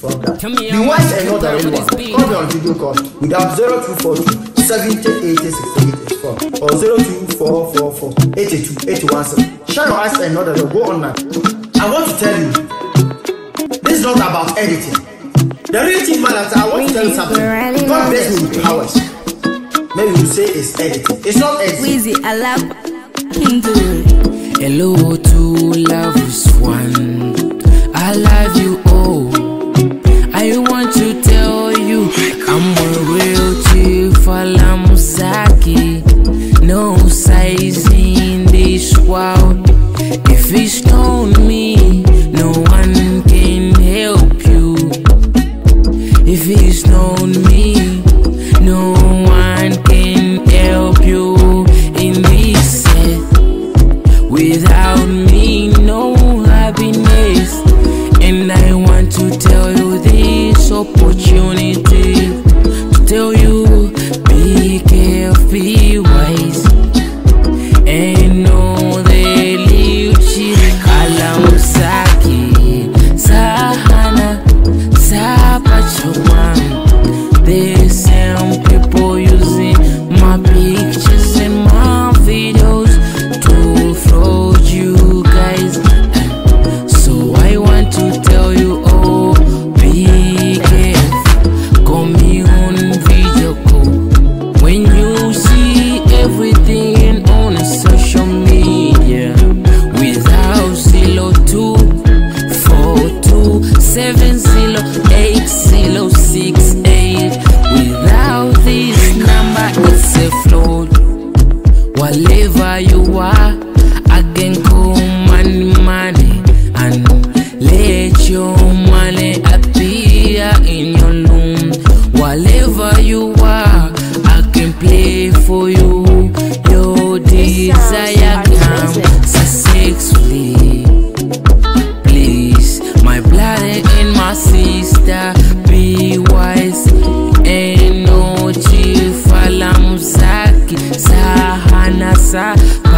from that. The wife and not the real one. Call me on video call without 0242 7080 or 02444 82 817. Shine your eyes and not the Go online. I want to tell you, this is not about editing. The real thing matters. I want to tell you something. God bless me with powers. Maybe you say it's editing. It's not editing. Wheezy, I love Hindu. Hello to lovers one. Without me, no happiness. And I want to tell you this opportunity to tell you be careful, be wise, and know they live cheap. saki, sahana, sapachuma. seven zero eight zero six eight. Without this number, it's a fraud. Whatever you are, I can call money, money, and let your money appear in your loom. Whatever you are, I can play for you. Your desire. side